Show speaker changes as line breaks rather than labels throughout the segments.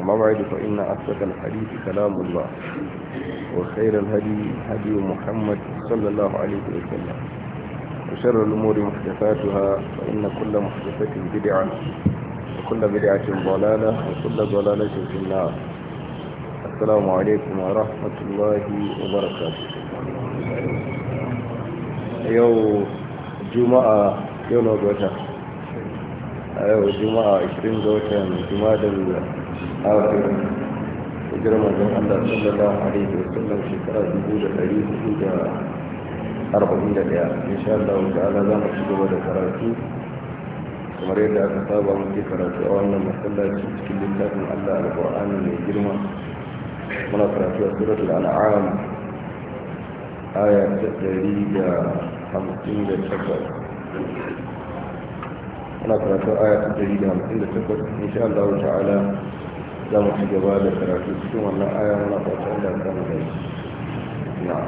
وموعد فإن أصدق الحديث كلام الله وخير الهدي هدي محمد صلى الله عليه وسلم وشر الأمور محدثاتها فإن كل محدثة بدعة وكل بدعة ضلالة وكل ضلالة في النار السلام عليكم ورحمة الله وبركاته يوم جمعة يوم الوجه يوم أيوه، جمعة 20 جوة جمعة آخر hijirar manzon Allah sallallahu alaihi wasallam shekara dubu da ɗari hudu da arba'in da ɗaya insha Allah ta'ala za mu ci gaba da karatu kamar yadda aka saba muke karatu a wannan masallaci cikin littafin Allah alqur'ani mai girma muna karatu a suratul an'am aya ta ɗari da hamsin da takwas muna karatu aya ta ɗari da hamsin da takwas insha Allah ta'ala za mu ci gaba da karatu cikin wannan aya muna fatan da kan da na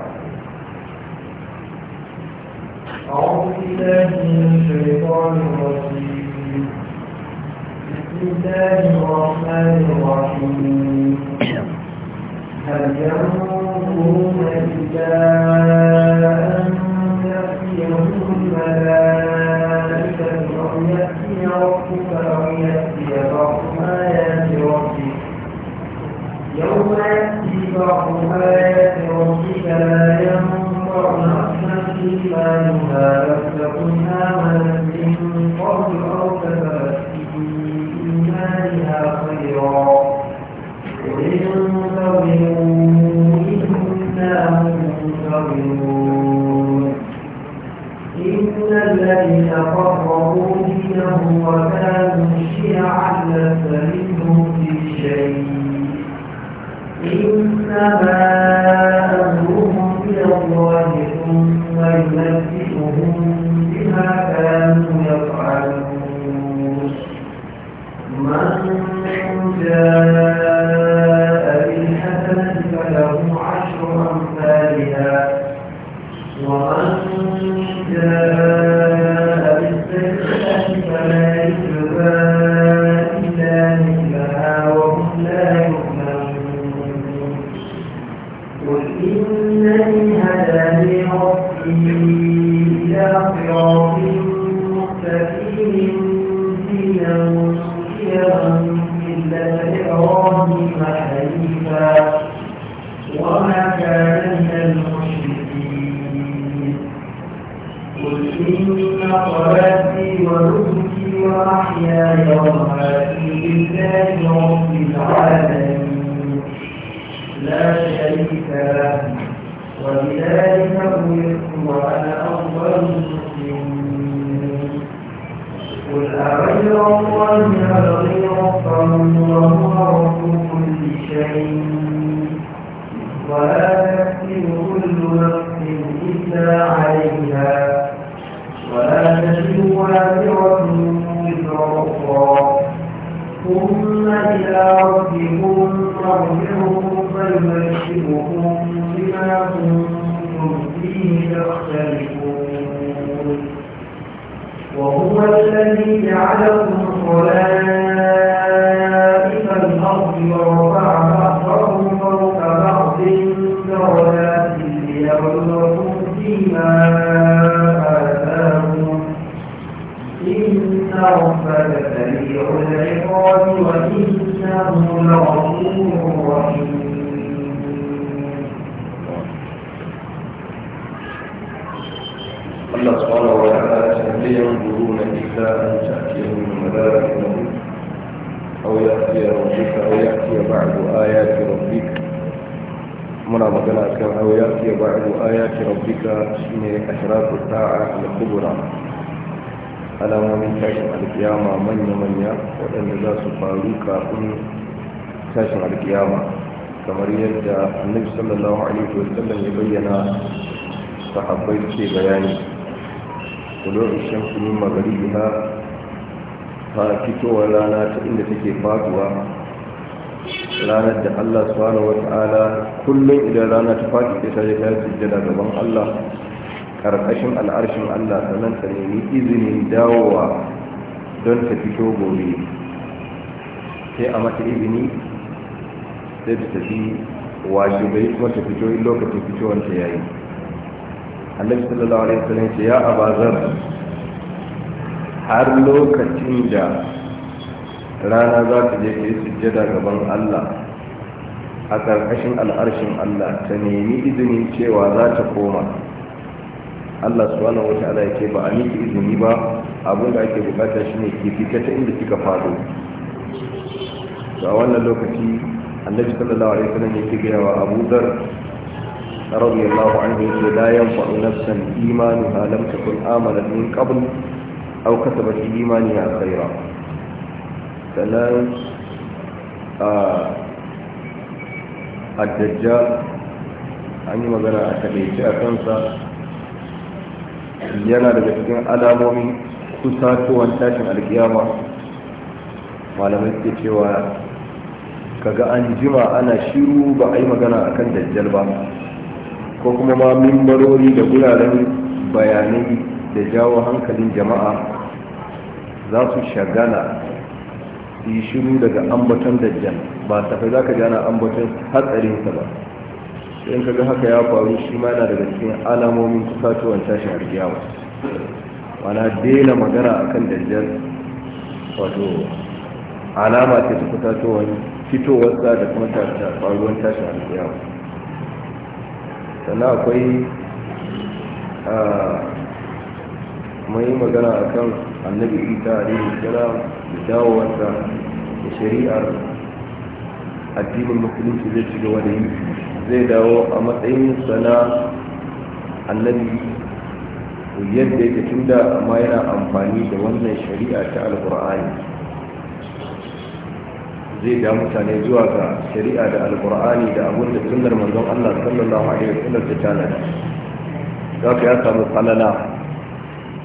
أعوذ بالله من الشيطان الرجيم بسم الله الرحمن الرحيم هل ينظرون إلا أن ينظر نفسا إيمانها لم تكن آمنت ربكم ترجعهم فيبشركم بما كنتم فيه تختلفون وهو الذي جعلكم خلائق
أو بعض آيات ربك من أشراط الساعة الكبرى ألا ومن تشرع القيامة من من وأن لا سفاروك أن تشرع القيامة كما يدى النبي صلى الله عليه وسلم يبين صحابي في بياني طلوع الشمس من مغربها فاكتو ولا نات إن تكي فاتوا ranar da Allah subhanahu wa ta'ala kullum idan rana ta faɗi ta sai ta sujjada gaban Allah karkashin al'arshin Allah sannan ta nemi izinin dawowa don ta fito gobe sai a mata izini sai ta tafi washe bai kuma ta fito in lokacin fitowanta ya yi allah sallallahu alaihi wasallam ya ya abazar har lokacin da rana za ta je ka yi sujjada gaban Allah a ƙarƙashin al'arshin Allah ta nemi izinin cewa za ta koma Allah subhanahu wa ta'ala yake ba a miki izini ba abin da ake bukata shine ki fita ta inda kika fado a wannan lokaci annabi sallallahu alaihi wasallam yake gaya wa Abu Dhar radiyallahu anhu yake la yanfa'u nafsan imanu lam takun amanat min qabl aw kasabat imaniha khayran sannan a dajjal an yi magana a taɗaice a kansa yana daga cikin alamomin kusatowar tashin alkiyama malamai ke cewa kaga an jima ana shiru ba a yi magana a kan dajjal ba ko kuma ma mimbarori da guraren bayanai da jawo hankalin jama'a za su shagala su yi shiru daga ambaton dajjal ba tafai za ka ji ana ambaton hatsarinsa ba in ka ga haka ya faru shi ma yana daga cikin alamomin kusatuwan tashin arjiyawa mana dela magana a kan dajjal wato alama ce ta kusatuwan fitowarsa da kuma faruwan tashin arjiyawa sannan akwai mai magana akan annabi isa alaihi salam da dawowarsa da shari'ar addinin musulunci zai shiga gaba da zai dawo a matsayin sana annabi yadda yake da, amma yana amfani da wannan shari'a ta alkur'ani zai da mutane zuwa ga shari'a da alkur'ani da abin da sunnar manzon Allah sallallahu alaihi wasallam ta Za ka ya samu ya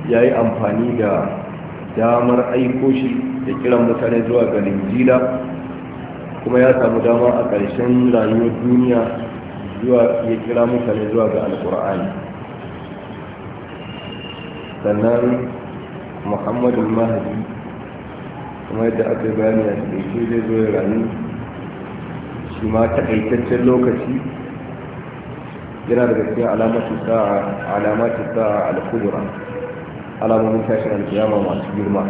yayi amfani da damar aiko shi da mutane zuwa ga linjila kuma ya samu dama a ƙarshen rayuwar duniya zuwa ya kira mutane zuwa ga alƙur'ani sannan muhammadu mahadi kuma yadda aka yi bayani a zai zo ya rayu shi ma taƙaitaccen lokaci yana daga cikin alamatu sa'a alamatu sa'a al alamomin tashin alkiyama masu girma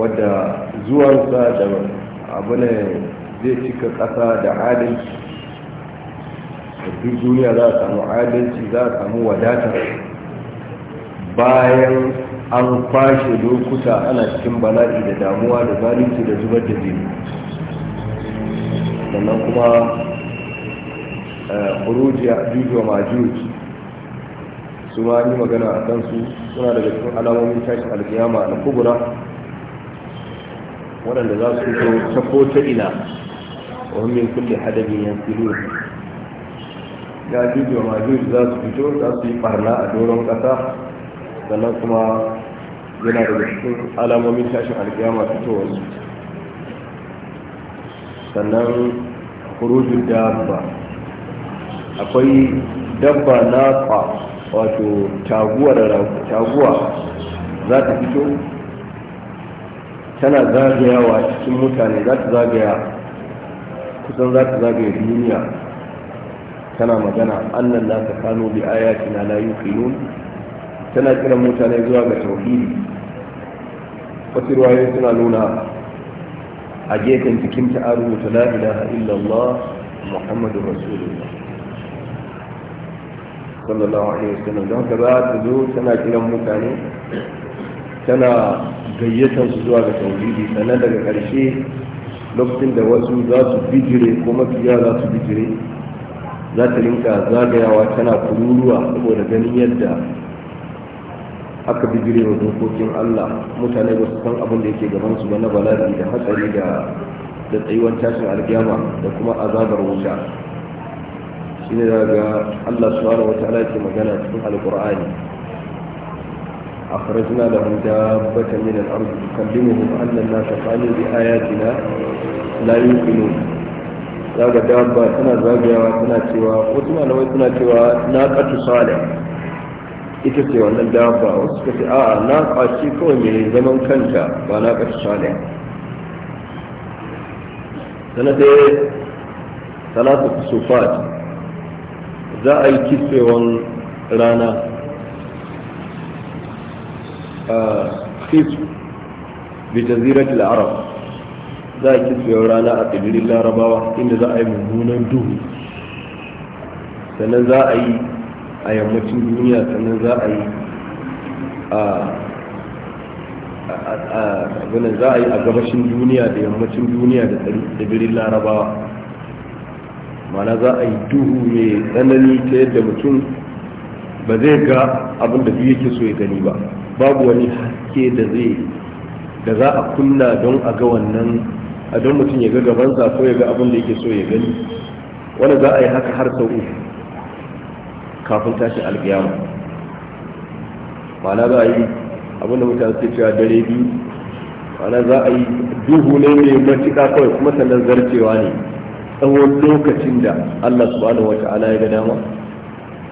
wadda zuwansa da abu ne zai cika ƙasa da adalci da duk duniya za a samu adalci za a samu wadata bayan an kwashe lokuta ana cikin bala'i da damuwa da zalunci da zubar da jini sannan kuma eh, burujiya jujuwa majuji su ma yi magana a kansu suna daga cikin alamomin tashin alkiyama na kubura waɗanda za su fito ta ko ta ina wani min kulle hadabin yan ne ya juju ma juju za su fito za su yi barna a doron ƙasa sannan kuma yana da cikin alamomin tashin alƙiyama fitowar su sannan kurujin dabba akwai dabba na wato taguwa za ta fito tana zagayawa cikin mutane za ta zagaya kusan za ta zagaya duniya tana magana annan la ta kano bi na la yuqinun tana kiran mutane zuwa ga tauhidi wasu ruwaye suna nuna a gefen jikinta an rubuta la ilaha illallah muhammadu rasulullah sallallahu alaihi wasallam don haka za ta zo tana kiran mutane tana gayyatar su zuwa ga tauhidi sannan daga ƙarshe lokacin da wasu za su bijire ko mafiya za su bijire za ta rinka zagayawa tana kururuwa saboda ganin yadda aka bijire wa dokokin Allah mutane ba su san abin da yake gaban su ba na bala'i da hatsari da da tsayuwar tashin alkiyama da kuma azabar wuta shine daga Allah subhanahu ta'ala yake magana cikin alqur'ani أخرجنا لهم دابة من الأرض تكلمهم أن الناس قالوا بآياتنا لا يؤمنون zaga dabba tana zagayawa tana cewa wasu malamai suna cewa na ƙatu salih ita ce wannan dabba wasu suka ce a'a na ƙwaci kawai mai zaman kanta ba na ƙatu salih sana dai salatu sufat za a yi kitsewan rana khisu bi da arab za a kitse rana a tsibirin larabawa inda za a yi mummunan duhu sannan za a yi a yammacin duniya sannan za a yi a za a yi a gabashin duniya da yammacin duniya da tsibirin larabawa mana za a yi duhu mai tsanani ta yadda mutum ba zai ga abin da yake so ya gani ba babu wani haske da zai da za a kunna don a ga wannan a don mutum ya ga gabansa ko ya ga abin da yake so ya gani wanda za a yi haka har sau uku kafin tashi alkiyama ma'ana za a yi abin da mutane suke cewa dare biyu ma'ana za a yi duhu ne mai matuƙa kawai kuma sannan zarcewa ne tsawon lokacin da Allah subhanahu ta'ala ya ga dama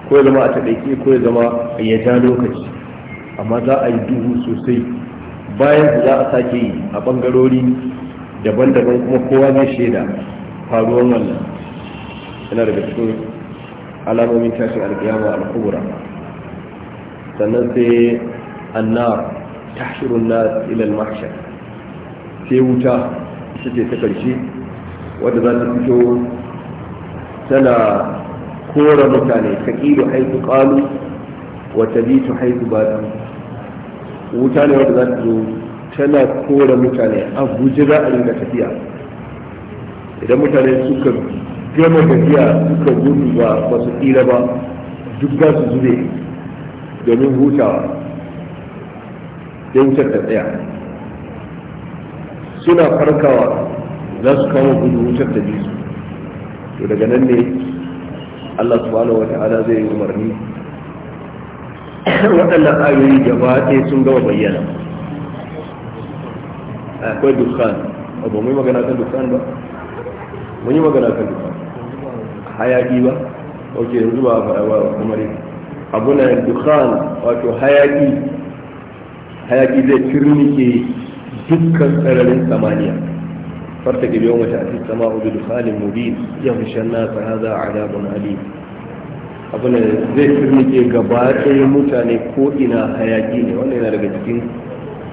ko ya zama a taɗaike ko ya zama ya ja lokaci amma za a yi duhu sosai bayan za a sake yi a bangarori daban-daban kuma kowa zai shaida faruwar wannan yana daga cikin alamomin tashin alkiyama al-kubra sannan sai annar tashirun nas ila ilal mahshar sai wuta ita ce ta karshe wadda za ta fito tana kora mutane taqilu haythu ƙalu. wata ta haihu ba da wuta ne wadda za ta zo tana kora mutane a guji za a rinka tafiya idan mutane suka gama tafiya suka gudu ba ba su tsira ba duk za su zube domin hutawa sai wutar ta tsaya suna farkawa za su kama gudu wutar ta bisu to daga nan ne Allah subhanahu wa ta'ala zai yi umarni waɗannan ayoyi gaba ɗaya sun gama bayyana akwai dukkan abu mai magana kan dukkan ba mun yi magana kan dukkan hayaki ba ok yanzu ba faɗa ba kamar abu na dukkan wato hayaki hayaki zai turnike dukkan sararin samaniya farta gabe wata a cikin sama ubi dukkanin mubin ya fi shan nasa haza a adabun alim abin zai firmike gaba ɗaya mutane ko ina hayaki ne wannan yana daga cikin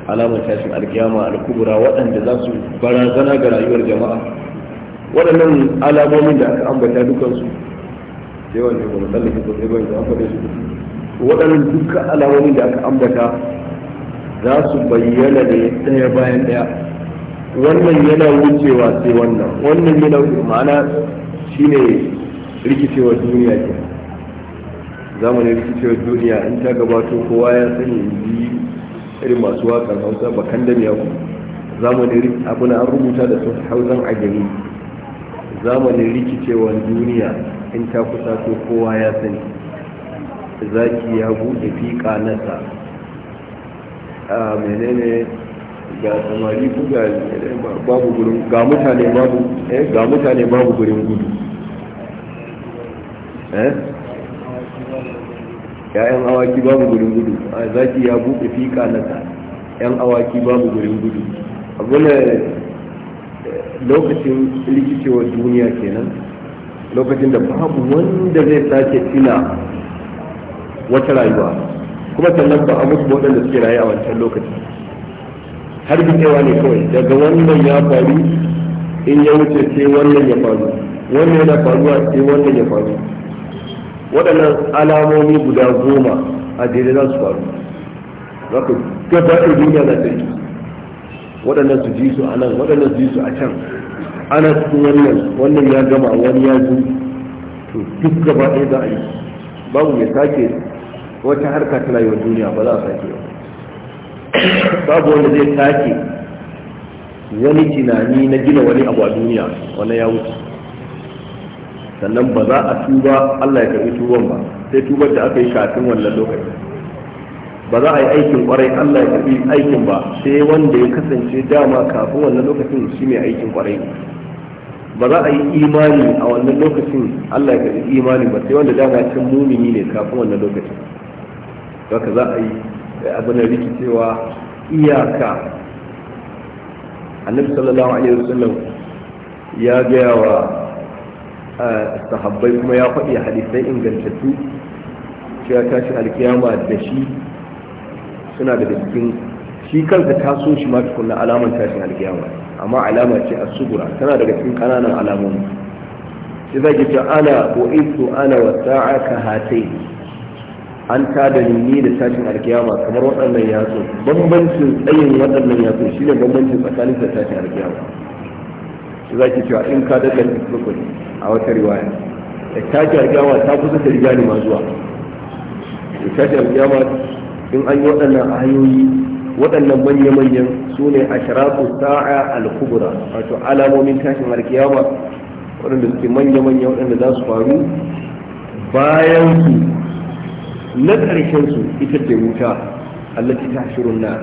alamar tashin alkiyama al-kubra waɗanda za su barazana ga rayuwar jama'a waɗannan alamomin da aka ambata dukansu sai wanda kuma tsallake ko sai bayan an faɗe su waɗannan duka alamomin da aka ambata za su bayyana ne ɗaya bayan ɗaya wannan yana wucewa sai wannan wannan yana wucewa ma'ana shine rikicewar duniya kenan zamanin rikicewar duniya in ta gabato kowa ya sani in yi irin masu waƙar hausa kan da miyaku zamanin abin an rubuta da sun hausan a gani zamanin rikicewar duniya in ta kusa to kowa ya sani zaki ya buɗe fiƙa nasa a menene ga samari ku ga babu gurin ga mutane babu eh ga mutane babu gurin gudu eh 'ya'yan awaki babu gurin gudu a zaki ya buɗe fi kanata 'yan awaki babu gurin gudu abuna eh, lokacin likicewar duniya kenan lokacin da babu wanda zai sake tuna wata rayuwa kuma sannan ba a mutu waɗanda suke raye a wancan lokacin har bitewa ne kawai daga wannan ya faru in ya wuce sai wannan ya faru wannan yana faruwa sai wannan ya faru waɗannan alamomi guda goma a daidai za su faru za ku gaba da duniya na tsarki waɗannan su ji su a nan waɗannan su ji su a can ana cikin wannan wannan ya gama wani ya zo to duk gaba ɗaya za a yi babu mai sake wata harka tana yi wa duniya ba za a sake ba babu wanda zai sake wani tunani na gina wani abu a duniya wannan ya wuce sannan ba za a tuba Allah ya karbi tuban ba sai tubar da aka yi kafin wannan lokaci ba za a yi aikin kwarai Allah ya karbi aikin ba sai wanda ya kasance dama kafin wannan lokacin shi mai aikin kwarai ba za a yi imani a wannan lokacin Allah ya karbi imani ba sai wanda dama cin mumini ne kafin wannan lokacin haka za a yi abin da rikicewa iyaka annabi sallallahu alaihi wasallam ya gaya wa sahabbai kuma ya faɗi hadisai ingantattu cewa tashi alkiyama da shi suna da cikin shi kanka taso shi ma na alaman tashin alkiyama amma alama ce a subura tana daga cikin kananan alamomi shi za ki ce ana bu'itu ana wa sa'a ka hatai an da ni da tashin alkiyama kamar waɗannan yatsu bambancin tsayin waɗannan yatsu shine bambancin tsakanin da tashin alkiyama za ki cewa in ka daga rukun a wata riwaya ta ki alƙiyama ta kusa ta riga ma zuwa ta ki alƙiyama in an yi waɗannan ayoyi waɗannan manya-manyan su ne a sharafu sa'a al-kubra wato alamomin tashin alkiyama waɗanda suke manya-manya waɗanda za su faru bayan su na ƙarshen su ita ce wuta allati ta shirun na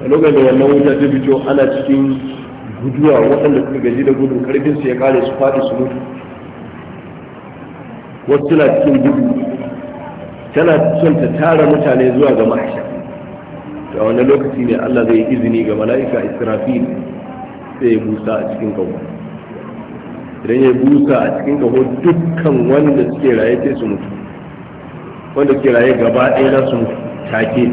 a lokacin wannan wuta ta fito ana cikin guduwa waɗanda suka gaji da gudun karfin su ya kare su faɗi su mutu wasu na cikin gudu tana son ta tara mutane zuwa ga mahasha a wani lokaci ne Allah zai izini ga mala'ika israfil sai ya busa a cikin kawo idan ya busa a cikin kawo dukkan wanda suke raye sai su mutu wanda suke raye gaba ɗaya za su mutu take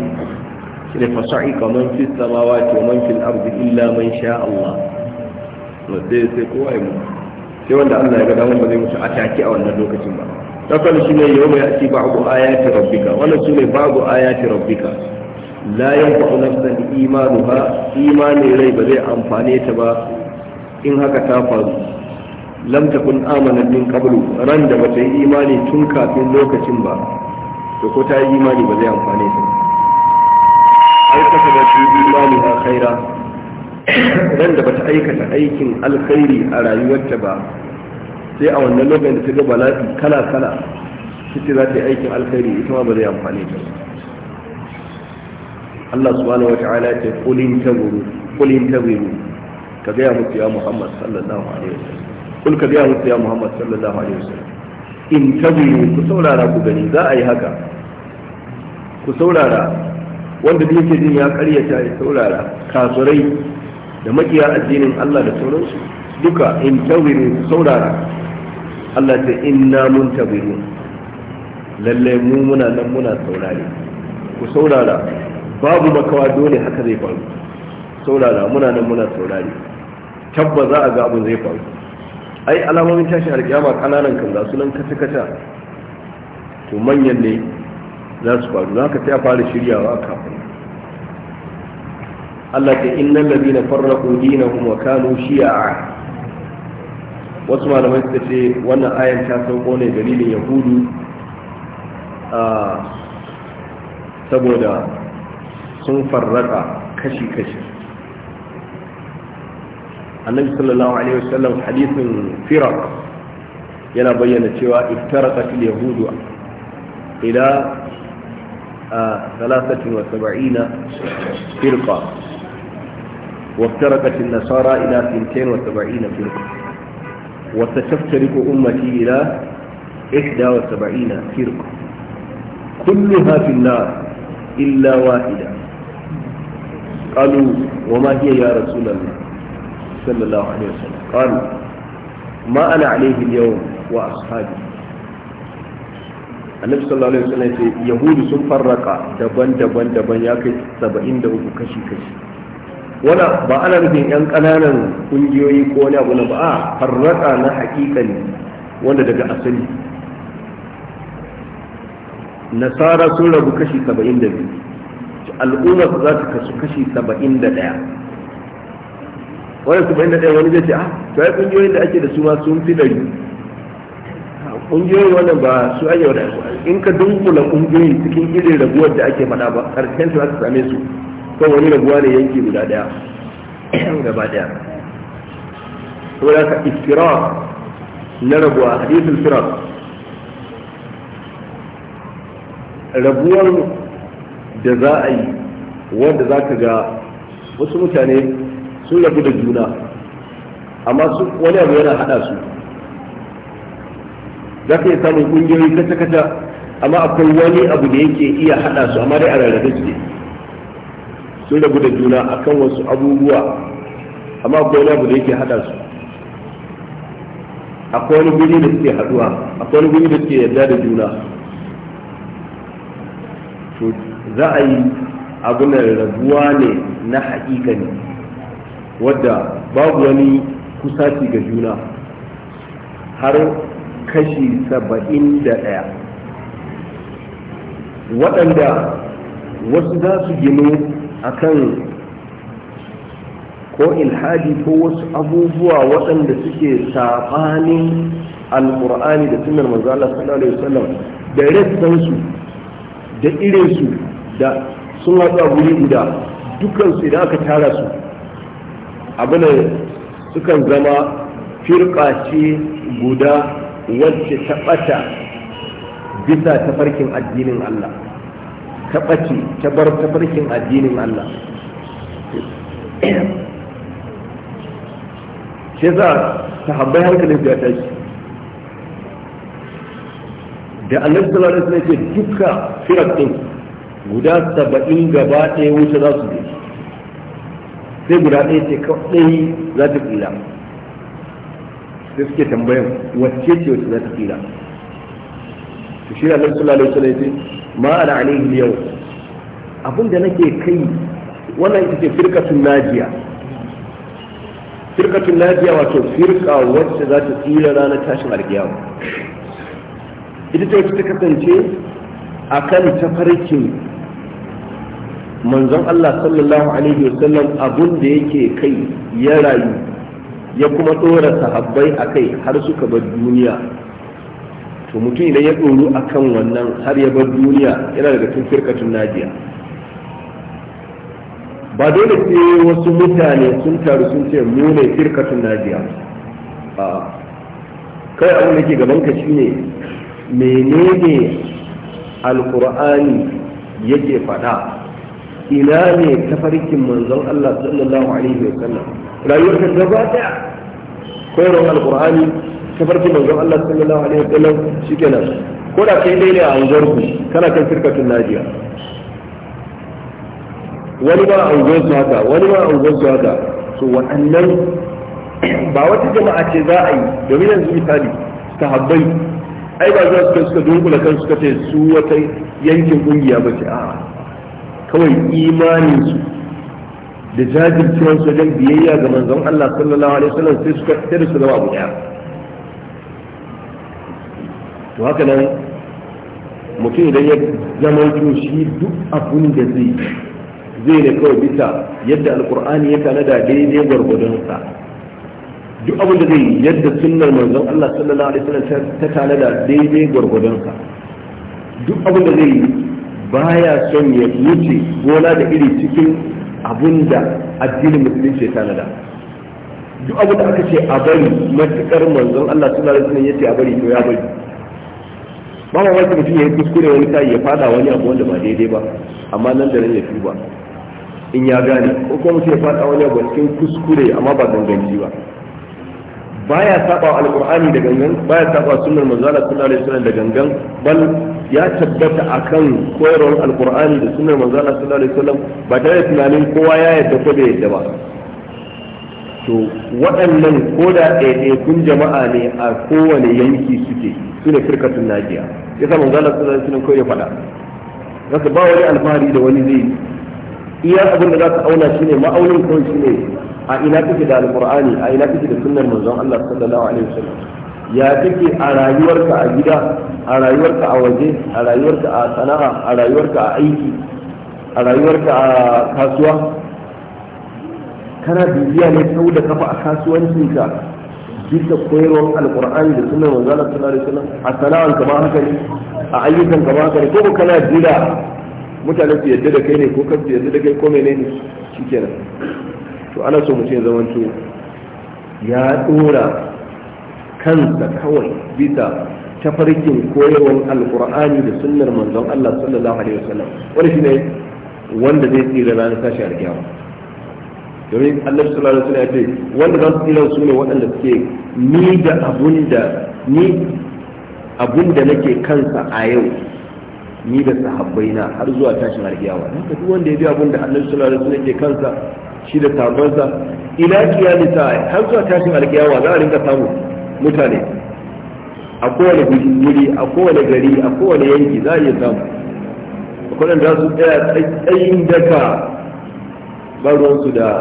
shi ne fasa'i kamar fi samawa ke man fil ardi illa man sha Allah sai sai kowa ya mutu sai wanda Allah ya ga damar ba zai mutu a take a wannan lokacin ba takal shine yawma yati ba'du ayati rabbika wannan shine ba'du ayati rabbika la yanfa'u nafsan imanuha imani rai ba zai amfane ta ba in haka ta faru lam takun amanat min qablu ran da bata yi imani tun kafin lokacin ba to ko ta yi imani ba zai amfane ta ai kasa da imani ha khaira ran da bata aikata aikin alkhairi a rayuwarta ba sai a wannan lokacin da ta ga bala'i kala kala ta ce za ta yi aikin alkhairi ita ma ba zai amfani ta Allah subhanahu wata'ala ce kulin tabiru kulin tabiru ka gaya musu ya Muhammad sallallahu alaihi wasallam kul ka gaya musu ya Muhammad sallallahu alaihi wasallam in tabiru ku saurara ku gani za a yi haka ku saurara wanda da yake jin ya karyata ya saurara kafirai da makiya addinin Allah da sauransu duka in tawiru saurara Allah ta inna mun tabiru lalle mu muna nan muna saurare ku saurara babu makawa dole haka zai faru saurara muna nan muna saurare tabba za a ga abin zai faru ai alamomin tashin alkiyama kananan kan za su nan kata kata to manyan ne za su faru za ka ta fara shiryawa kafin Allah ta innal na farraqu dinahum wa kanu shi'a wasu malamai suka ce wannan ayan ta sauko ne dalilin yahudu saboda sun farraka kashi-kashi annabi sallallahu alaihi wasallam hadisin fira yana bayyana cewa iftaraqat al-yahudu ila 73 firqa وافترقت النصارى إلى 72 فرقة وستفترق أمتي إلى 71 فرقة كلها في النار إلا واحدة قالوا وما هي يا رسول الله صلى الله عليه وسلم قالوا ما أنا عليه اليوم وأصحابي annabi sallallahu alaihi wasallam ya ce yahudu sun farraka daban-daban daban ya kai 73 kashi-kashi Wala ba ana nufin yan kananan kungiyoyi ko wani abu na ba a farraka na hakikani wanda daga asali nasara sun rabu kashi 72 al'umma za ta kasu kashi 71 wani 71 wani zai ce ah to ai kungiyoyin da ake da su ma sun fi dari kungiyoyin wannan ba su ake wadda in ka dunkula kungiyoyin cikin irin raguwar da ake faɗa ba karshen su ka same su kan wani rabuwa ne yanki guda daya gaba daya saboda ka istirar na rabuwa hadisul firar rabuwar da za a yi wanda za ka ga wasu mutane sun rabu da juna amma wani abu yana hada su za ka iya samun kungiyoyi kata-kata amma akwai wani abu da yake iya hada su amma dai a rarrabe su sun rabu da juna akan wasu abubuwa amma akwai wani abu da yake haɗa su akwai wani guri da suke haduwa akwai wani guri da suke yarda da juna to za a yi abin rabuwa ne na haƙiƙa ne wadda babu wani kusaci ga juna har kashi saba'in da ɗaya waɗanda wasu za su gino akan ko ilhadi ko wasu abubuwa waɗanda suke saɓanin alƙur'ani da sunar manzo sallallahu alaihi wasallam da su da su da sun haɗa guri guda su idan aka tara su abin sukan zama firƙa ce guda wacce ta ɓata bisa tafarkin addinin Allah ta ɓace ta bar tafarkin addinin Allah shi za ta habbai hankalin ya tashi da allah sallallahu lalata wasallam ce duka firar din guda saba'in gaba ɗaya wuce za su je sai guda ɗaya ce kawai za ta tsira sai suke tambayan wacce ce wacce za ta tsira to shi Allah sallallahu alaihi wasallam yace ma ana alaihi yau abin da nake kai wannan ita ce firqatul najiya firqatul najiya wato firqa wacce za ta tsira rana tashin alkiyama ita ce ta kasance akan tafarkin manzon Allah sallallahu alaihi wasallam abun da yake kai ya rayu ya kuma tsora sahabbai akai har suka bar duniya to mutum idan ya ɗoru a kan wannan har ya bar duniya yana daga cikin firkatun najiya ba dole sai wasu mutane sun taru sun ce mu ne firkatun najiya a kai abin da ke gaban ka shine menene alkur'ani yake faɗa ina ne tafarkin manzon Allah sallallahu alaihi wa sallam rayuwar ta gaba daya koyarwar alkur'ani tafarki manzon Allah sallallahu alaihi wasallam shikenan ko da kai dai ne a unguwar ku kana kan firkatun najiya wani ba a unguwar su haka wani ba a unguwar su haka to waɗannan ba wata jama'a ce za a yi domin yanzu misali habbai. ai ba za su suka dunkula kan suka ce su wata yankin kungiya ba ce a'a kawai imaninsu da jajircewar su wajen biyayya ga manzon Allah sallallahu alaihi wasallam sai suka tsere su zama abu daya to haka nan mutum idan ya zama shi duk abin da zai zai ne kawai bisa yadda alkur'ani ya tanada daidai gwargwadonsa duk abin da zai yadda sunnar manzon Allah sallallahu alaihi wasallam ta tanada daidai gwargwadonsa duk abin da zai baya son ya wuce gona da iri cikin abin da addinin musulunci ya da duk abin da aka ce a bari matukar manzon Allah sallallahu alaihi wasallam ya ce a bari to ya bari ba ma wajen mutum ya yi kuskure wani sa'i ya fada wani abu wanda ba daidai ba amma nan da nan ya tuba in ya gane ko kuma mutum ya fada wani abu cikin kuskure amma ba ganganci ba baya saba alqur'ani da gangan baya saba sunnar manzo Allah sallallahu alaihi wasallam da gangan bal ya tabbata akan koyarwar alqur'ani da sunnar manzo Allah sallallahu alaihi wasallam ba tare da tunanin kowa ya yadda ko bai yadda ba to waɗannan ko da ɗaiɗaikun jama'a ne a kowane yanki suke su ne firkatun najiya ya sa manzala su zai sunan kawai faɗa zaka ba wani alfahari da wani zai iya abin da za ka auna shine ma'aunin kawai shine a ina kake da alqur'ani a ina kake da sunnar manzon Allah sallallahu alaihi wasallam ya kake a rayuwarka a gida a rayuwarka a waje a rayuwarka a sana'a a rayuwarka a aiki a rayuwarka a kasuwa kana bibiya ne ta'u da kafa a kasuwancinka bisa koyarwar alkur'ani da sunan manzo suna da suna, a sana'an ka ba haka ne a ayyukan ka ba haka ne ko kana jira mutane su yadda da kai ne ko kan su yadda da kai ko menene shikenan to ana so mutum ya zamanto ya dora kansa kawai bisa tafarkin koyarwar alkur'ani da sunnar manzon Allah sallallahu alaihi wasallam wani shine wanda zai tsira na tashi alkiyama domin annabi sallallahu alaihi wasallam ya ce wanda za su tsira su ne waɗanda suke ni da abun da ni abun nake kansa a yau ni da sahabbai na har zuwa tashin alkiyama dan ka duk wanda ya bi abun da annabi sallallahu alaihi wasallam ke kansa shi da sahabbansa ila kiyamata har zuwa tashin alkiyama za a rinka samu mutane a kowane wuri a kowane gari a kowane yanki za a iya samu akwai za su tsaya tsayin daka ba da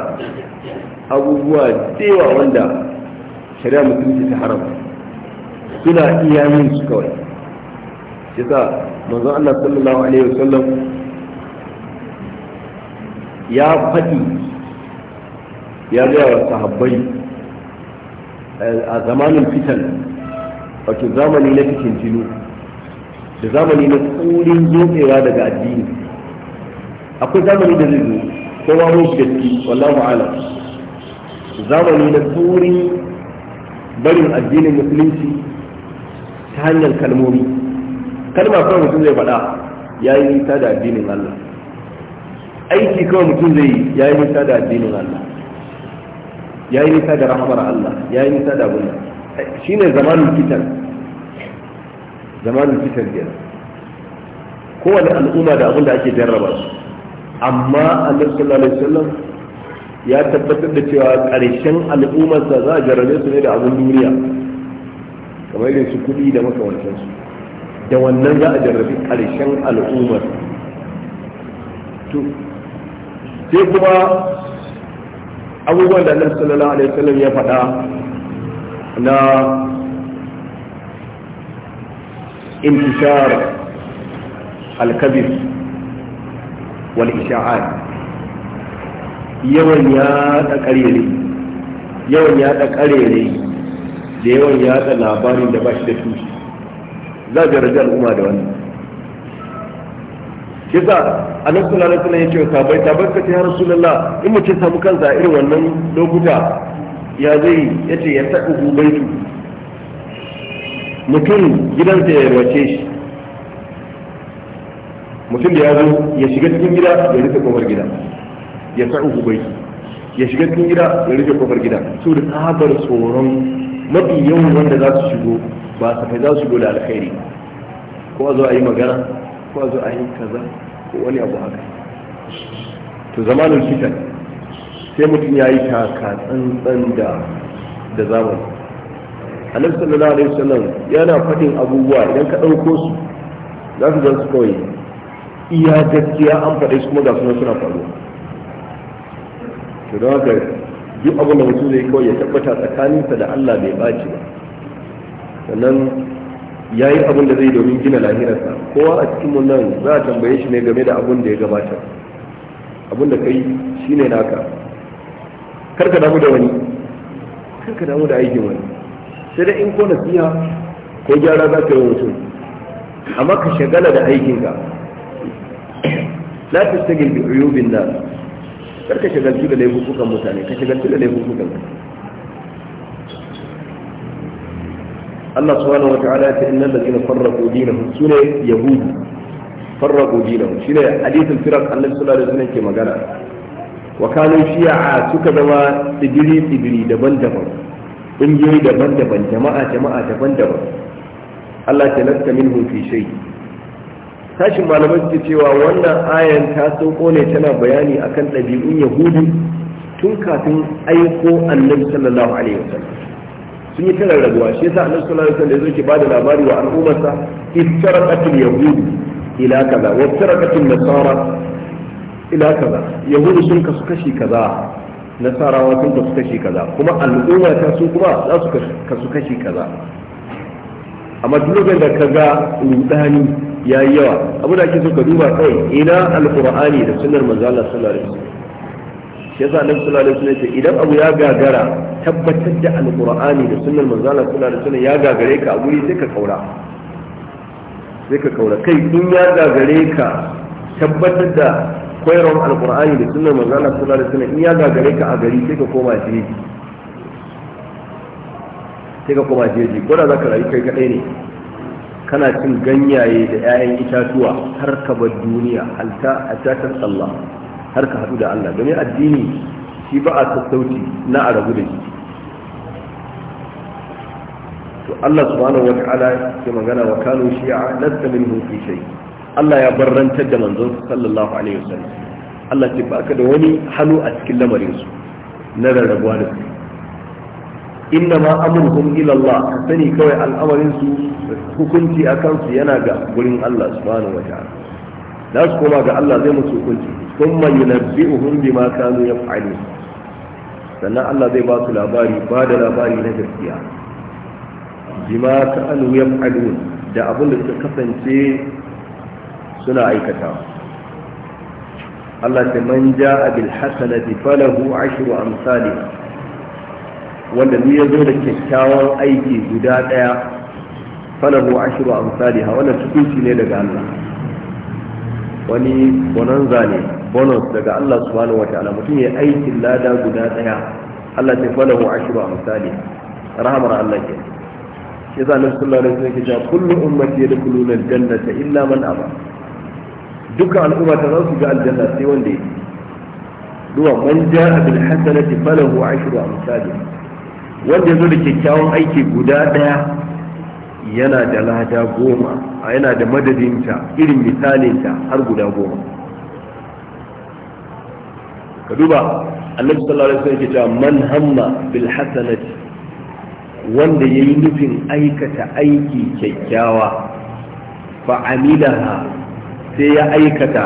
abubuwa dewa wanda shari'a musulunci ta haram suna iya yin su kawai shi sa manzon Allah sallallahu alaihi wasallam ya faɗi ya zai wa sahabbai a zamanin fitan wato zamani na cikin jinu da zamani na tsorin zobewa daga addini akwai zamani da zai zo akwai wawo shi gaske wallahu alam zamani na turi barin addinin musulunci ta hanyar kalmomi kalma kawai mutum zai faɗa ya yi nisa da addinin Allah aiki kawai mutum zai yi ya yi nisa da addinin Allah ya yi nisa da rahamar Allah ya yi nisa da abin shi ne zamanin kitan zamanin kitan biyar kowane al'umma da abun da ake jarraba su amma annabi alaihi wasallam ya tabbatar da cewa ƙarshen al'ummarsa za a jarrabe su ne da abin duniya kamar irin su kuɗi da makamantansu da wannan za a jarrabe ƙarshen al'ummar to sai kuma abubuwan da annabi sallallahu alaihi wasallam ya faɗa na intishar al-kabir wal isha'at yawan ya da karere yawan ya da karere da yawan ya da labarin da ba shi da tushe za ga rajar umma da wannan kisa annabi sallallahu alaihi wasallam yace sabai tabarka ta ya rasulullah in mutum samu kan kansa irin wannan lokuta ya zai yace ya taɓa gubaitu mutum gidansa ya wace shi mutum da ya zo ya shiga cikin gida ya rufe kofar gida ya sa'u hubai ya shiga cikin gida ya rufe kofar gida su da tsabar tsoron mafi yawan wanda za su shigo ba su kai za su shigo da alkhairi ko a zo a yi magana ko a zo a yi kaza ko wani abu haka to zamanin fitan sai mutum ya yi taka tsantsan da da zamani annabi sallallahu alaihi wasallam yana faɗin abubuwa idan ka ɗauko su za su zan su kawai iya gaskiya an faɗe su kuma ga suna suna faruwa to don haka duk abin da mutum zai kawai ya tabbata tsakaninsa da Allah bai ɓaci ba sannan ya yi abin da zai domin gina lahirarsa kowa a cikin nan za a tambaye shi ne game da abin da ya gabata abin da kai shi ne naka ka damu da wani kar ka damu da aikin wani sai dai in ko nasiha ko gyara za ka yi mutum amma ka shagala da aikinka la tastagil bi uyubin nas kar ka shagaltu da laifukan mutane ka shagaltu da laifukan Allah subhanahu wata'ala ya ce innal ladina farraqu dinahum sune yahud farraqu dinahum shine hadithul firaq annabi sallallahu alaihi wasallam ke magana wa kanu shi'a suka zama tsigiri tsigiri daban-daban ƙungiyoyi daban-daban jama'a jama'a daban-daban Allah ta lasta minhum fi shay' tashin malamai suke cewa wannan ayan ta sauko ne tana bayani akan ɗabi'un yahudi tun kafin aiko annabi sallallahu alaihi wasallam sun yi tana rabuwa shi yasa annabi sallallahu alaihi wasallam yake bada labari wa al'ummarsa iftaraqatul yahud ila kaza wa iftaraqatul nasara ila kaza yahudu sun kasu kashi kaza nasarawa sun kasu kashi kaza kuma al'umma ta su kuma za su kasu kashi kaza amma duk lokacin da ka ga rudani ya yi yawa abu da ake so ka duba kai ina alkur'ani da sunnar manzo Allah sallallahu alaihi wasallam shi yasa annabi sallallahu alaihi wasallam ce idan abu ya gagara tabbatar da alkur'ani da sunnar manzo Allah sallallahu alaihi wasallam ya gagare ka a guri sai ka kaura sai ka kaura kai in ya gagare ka tabbatar da koyarwar alkur'ani da sunnar manzo Allah sallallahu alaihi wasallam in ya gagare ka a gari sai ka koma shi sai ka koma jeji ko da za ka rayu kai kaɗai ne kana cin ganyaye da 'ya'yan itatuwa har ka bar duniya halta a tatar Allah har ka hadu da Allah domin addini shi ba a sassauci na a rabu da shi to Allah subhanahu wa ta'ala magana wa kanu shi'a lasta minhu fi shay Allah ya barrantar da manzon sallallahu alaihi wasallam Allah ce baka da wani hannu a cikin lamarin su na rarrabuwa da su inna ma amruhum ila Allah sani kawai al'amarin su hukunci a kansu yana ga gurin Allah subhanahu wa ta'ala za su koma ga Allah zai musu hukunci na thumma yunabbi'uhum bima kanu yaf'alun sannan Allah zai ba su labari ba da labari na gaskiya bima kanu yaf'alun da abin da suka kasance suna aikata. Allah ta man ja'a bil hasanati falahu ashru amsalih wanda ni ya zo da kyakkyawan aiki guda ɗaya falahu ashiru amsaliha wannan tukunci ne daga Allah wani bonanza ne bonus daga Allah subhanahu wataala mutum ya aikin lada guda ɗaya Allah ta falahu ashiru amsaliha rahamar Allah ke shi yasa Annabi sallallahu alaihi wasallam ke cewa kullu ummati yadkhuluna al-jannata illa man aba dukkan al'umma ta za su ga aljanna sai wanda ya duwa man ja'a bil hasanati falahu ashiru amsaliha wanda ya zo da kyakkyawan aiki guda ɗaya yana da lada goma a yana da madadinta irin misalinta har guda goma ka duba annabi sallallahu alaihi wasallam cewa man hamma bil hasanati wanda yayi nufin aikata aiki kyakkyawa fa amilaha sai ya aikata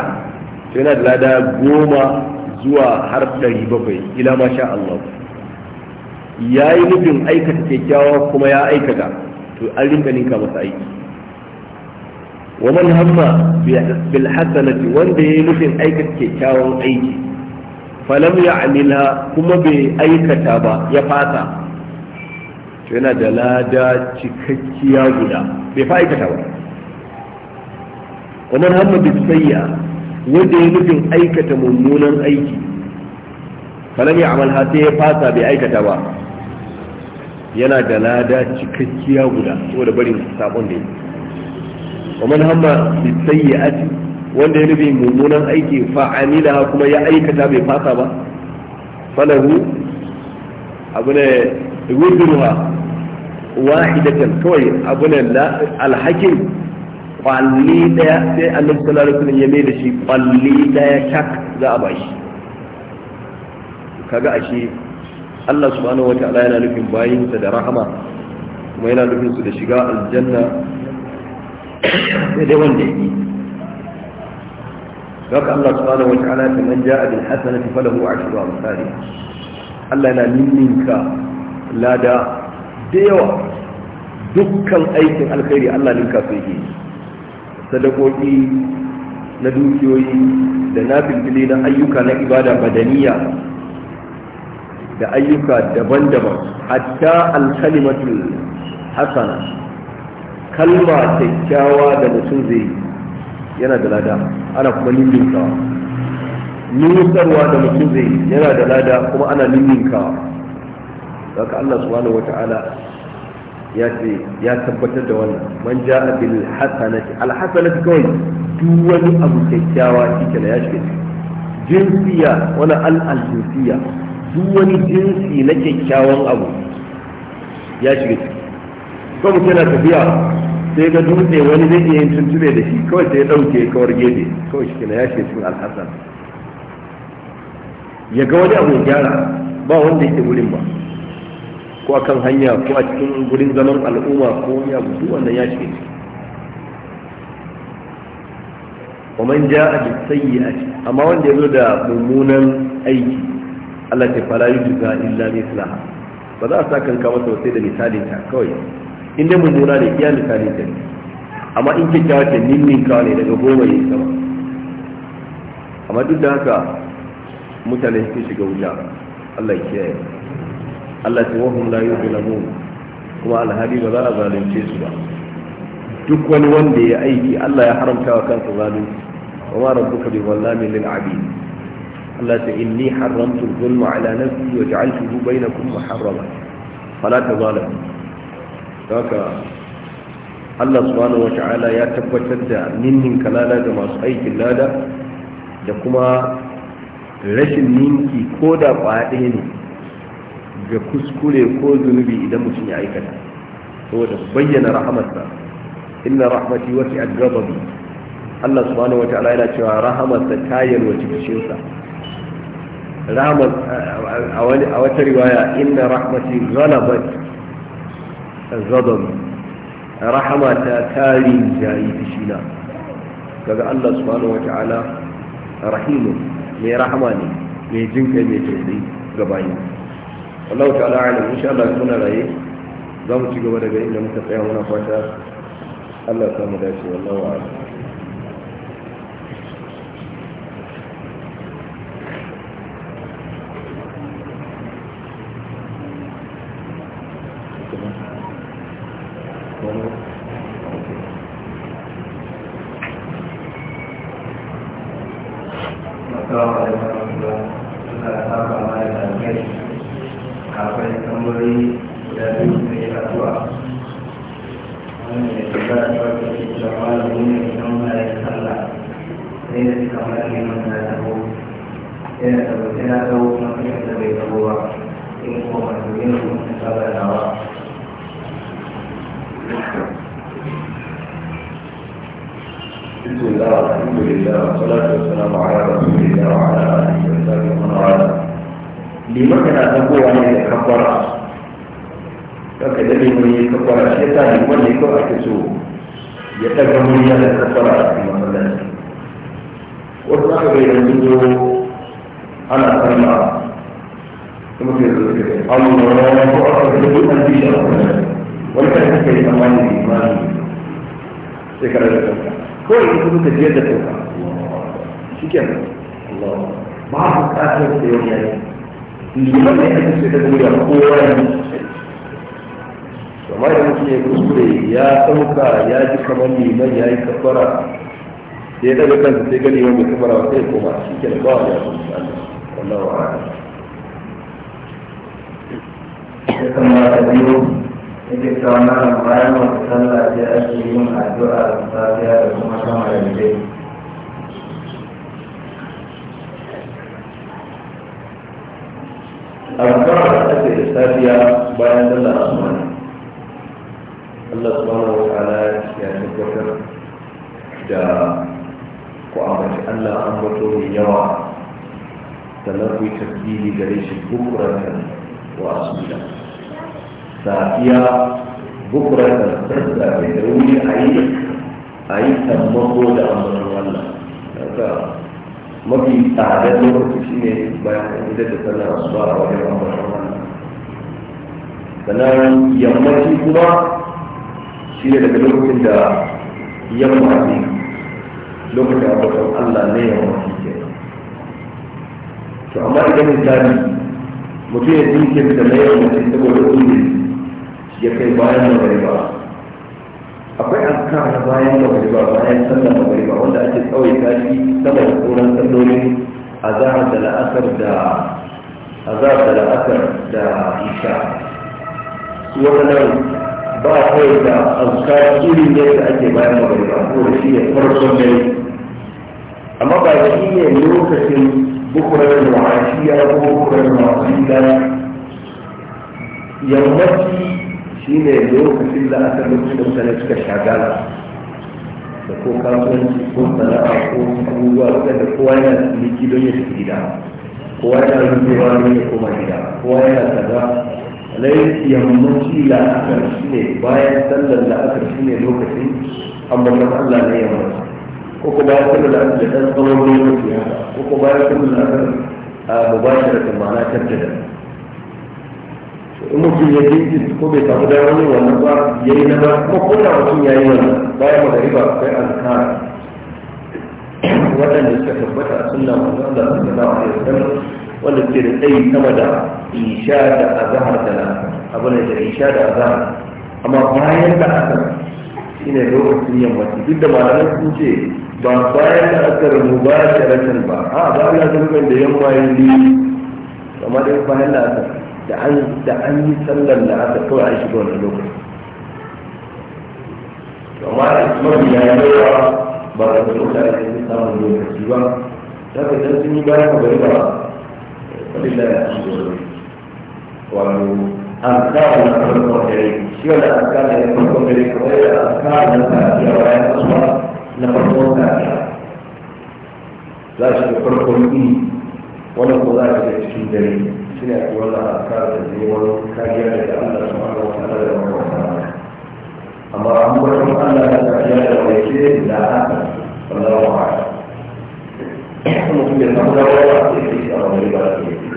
yana da lada goma zuwa har 700 ila masha Allah ya yi nufin aikata kyakkyawa kuma ya aikata to an rinka ninka masa aiki wa man hamma bil hasanati wanda ya yi nufin aikata kyakkyawan aiki falam ya kuma bai aikata ba ya fata to yana da lada cikakkiya guda bai fa aikata ba wa man hamma bil sayya wanda ya yi nufin aikata mummunan aiki falam ya sai ya fata bai aikata ba yana da lada cikakkiya guda saboda barin sabon da yi wa man hamma bi sayyi'ati wanda ya nufi mummunan aiki fa amila kuma ya aikata bai fasa ba falahu abuna ne wahidatan kawai abuna la alhakin kwalli daya sai annabi sallallahu alaihi wasallam ya mai da shi kwalli daya tak za a bashi kaga ashe Allah subhanahu wata'ala yana nufin bayinsa da rahama kuma yana nufin su da shiga aljanna sai dai wanda yake haka Allah subhanahu wata'ala ta man ja'a bil hasanati falahu ashru amsalih Allah yana ninninka lada da yawa dukkan aikin alkhairi Allah ninka su yake sadakoki na dukiyoyi da na filfili na ayyuka na ibada badaniya da ayyuka daban-daban hatta alkalimatul hasana kalma kyakkyawa da mutum zai yana da lada ana kuma liminkawa nusarwa da mutum zai yana da lada kuma ana liminkawa daga Allah subhanahu wata'ala ya ce ya tabbatar da wannan man ja'a bil hasanati al hasanati kawai duk wani abu kyakkyawa shi ya shiga jinsiya wani al al jinsiya duk wani jinsi na kyakkyawan abu ya shiga ciki ko mutum yana tafiya sai ga dutse wani zai iya yin tuntube da shi kawai sai ya ɗauke kawar gefe kawai shi kenan ya shiga cikin alhassan ya ga wani abu ya gyara ba wanda yake wurin ba ko akan hanya ko a cikin gurin zaman al'umma ko wani abu duk wannan ya shiga ciki ومن جاء بالسيئة أما وان da mummunan aiki. Allah ce fala yujza illa mislaha ba za a sa kanka masa wasai da misalin ta kawai in dai mun ne iya misalin ta amma in kyakkyawa ta nimmin kawai ne daga goma yin sama amma duk da haka mutane su shiga wuta Allah ya kiyaye Allah ce wahum la yuzlamun kuma alhali ba za a zalunce su ba duk wani wanda ya aiki Allah ya haramta wa kansa zalunci wa ma rabbuka bi wallamin lil abid Allah ta inni haramtu zulma ala nafsi wa ja'altuhu bainakum muharrama fala tazalamu haka Allah subhanahu wata'ala ya tabbatar da ninnin kalala ga masu aikin lada da kuma rashin ninki ko da kwaɗe ne ga kuskure ko zunubi idan mutum ya aikata saboda bayyana rahamarsa inna rahmati wasi'at ghadabi Allah subhanahu wata'ala yana cewa rahamarsa ta yalwaci fushinsa rahmat a wata riwaya inna rahmati ghalabat ghadab rahama ta tari jayi fushina kaga Allah subhanahu wata'ala rahimu mai rahama ne mai jinkai mai tausayi ga bayi Allah ta'ala alim insha Allah muna raye za mu ci gaba daga inda muka tsaya muna fata Allah ya samu tambayi guda biyu da ya addu'a wannan ya tambaya ta ke cewa malamin
ne idan ba ya sallah sai da suka mara neman na tabo yana da mutum na tabo kuma kashin da bai tabo ba in kuma masu yin rubutun sabarawa
بسم الله والحمد لله والصلاة والسلام على رسول الله وعلى آله وصحبه ومن والاه. da كان تقوى da يتكبر kaka ka dade mu yi kafara shi yasa ne wani ko ake so ya daga murya da kafara a cikin masallaci wasu aka bai da sun zo ana sallah kuma ke zo suka ce Allah ko aka da duk an bi shi a wani kan suka yi tsammani da imani sai ka rage kanka ko in kuma ka je da kanka shi Allah ba ku kasar da yau ne yayi liman ne ake so ya daga murya kowa ya amma da mutum ya kuskure ya ɗauka ya ji kamar liman ya yi kafara sai ya daga kansa sai gani wanda kafara sai koma shi ke da ba wa ya kusa wallahu a'lam
ya kamata biyu
yake cewa malam bayan wata sallah sai ake yin addu'a da safiya da kuma sama da dai a da ake da safiya bayan sallah asuwa Allah subhanahu wa ta'ala ya tabbatar da ku ambaci Allah an bato mai yawa sannan ku yi tasbihi gare shi bukuratan wa asila safiya bukuratan sassa mai da wuri a yi a yi sammako da ambatan Allah daga mafi tsadar lokaci shi ne bayan kan idar da sallar asuwa a wajen ambatan Allah sannan yammaci kuma shi ne daga lokacin da ya mafi lokacin abokan Allah ne ya mafi ke to amma idan misali mutum ya dinke da na yawan mutum saboda ne ya kai bayan magariba akwai alka na bayan magariba bayan sallar magariba wanda ake tsawai tashi sama da sauran a zahar da la'asar da zahar da la'asar da isha nan ba kai da azkar irin yadda ake bayan magariba ko shi ne farkon dare amma ba shi ne lokacin bukurar ma'ashiya ko bukurar ma'ashiya yammaci shi ne lokacin da aka lokacin da mutane suka shagala da ko kasuwanci ko sana'a ko abubuwa da kowa yana ciniki don ya tafi gida kowa yana rubewa don ya koma gida kowa yana kaza ya lai yammaci la'akar shi ne bayan sallar la'akar shi ne lokacin ambatan allah ya yammaci ko ko bayan sallar la'akar da ɗan tsawon lokaci haka ko ko bayan sallar la'akar a mubashar da ma'ana tattada in mutum ya ji ko bai samu damar yin wannan ba ya yi na ba kuma ko da mutum ya yi wannan bayan magariba akwai azkar waɗanda suka tabbata suna sunna da Allah sallallahu alaihi wasallam wanda suke da tsayi sama da isha da azahar da abin da isha da azahar amma bayan da asar shine lokacin yammaci duk da malamai sun ce ba bayan da asar rubu ba shi a ba ya kan da yamma yi kamar dai bayan da asar da an da an yi sallar da asar kawai an shiga wannan lokacin amma da ya yi yawa ba da mutane samun lokaci ba ta ka sun yi bayan ka bari ba ilẹ̀ ìṣòro pẹ̀lú àǹtáwọn akẹ́kọ̀ọ́ ẹ̀rí tí ó lọ ká lè fún ọmọbìnrin kan lórí àǹtáwọn akẹ́kọ̀ọ́ ẹ̀rí ọ̀ṣọ́ lọ́kọ̀ọ́ káàkiri láti fi kọ́kọ́ ní wọ́n lọ́kọ́ láti fi ti ń bẹ̀rẹ̀ sílẹ̀ tí wọ́n lọ àǹtáwọn ẹ̀rí wọn káàkiri ẹ̀rí àǹtáwọn akẹ́kọ̀ọ́ ẹ̀rí wọn kọ́ أما أمر أن لا تكفيان الوجه لا أكل ولا وعاء. نحن في المقدرة في الأمر البلدية.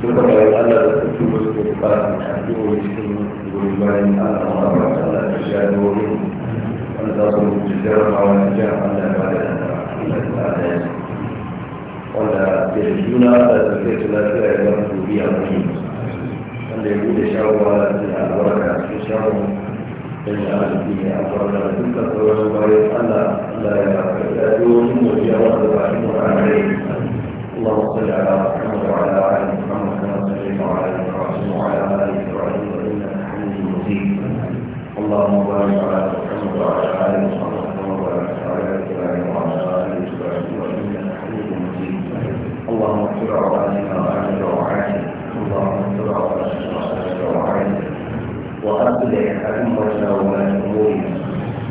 Duka bayan Allah da kuka wasu da ba a duwa cikin gobe bayan Allah ba Allah da ya dole wanda za su rubuta jarabawa da jan Allah ba da Allah da Allah wanda da juna da zai su lafiya ya zama dubiya mai wanda ya bude shawarwa da albarka cikin shawarwa اللهم فجعل فيه أفرنا تلك الرواية وعلى لا يأتون وجاوز رحمه عليه اللهم صل على محمد وعلى آل محمد كما صليت على إبراهيم وعلى آل إبراهيم إنك حميد مجيد اللهم بارك على محمد وعلى آل محمد كما باركت على إبراهيم وعلى آل إبراهيم إنك حميد مجيد اللهم اغفر على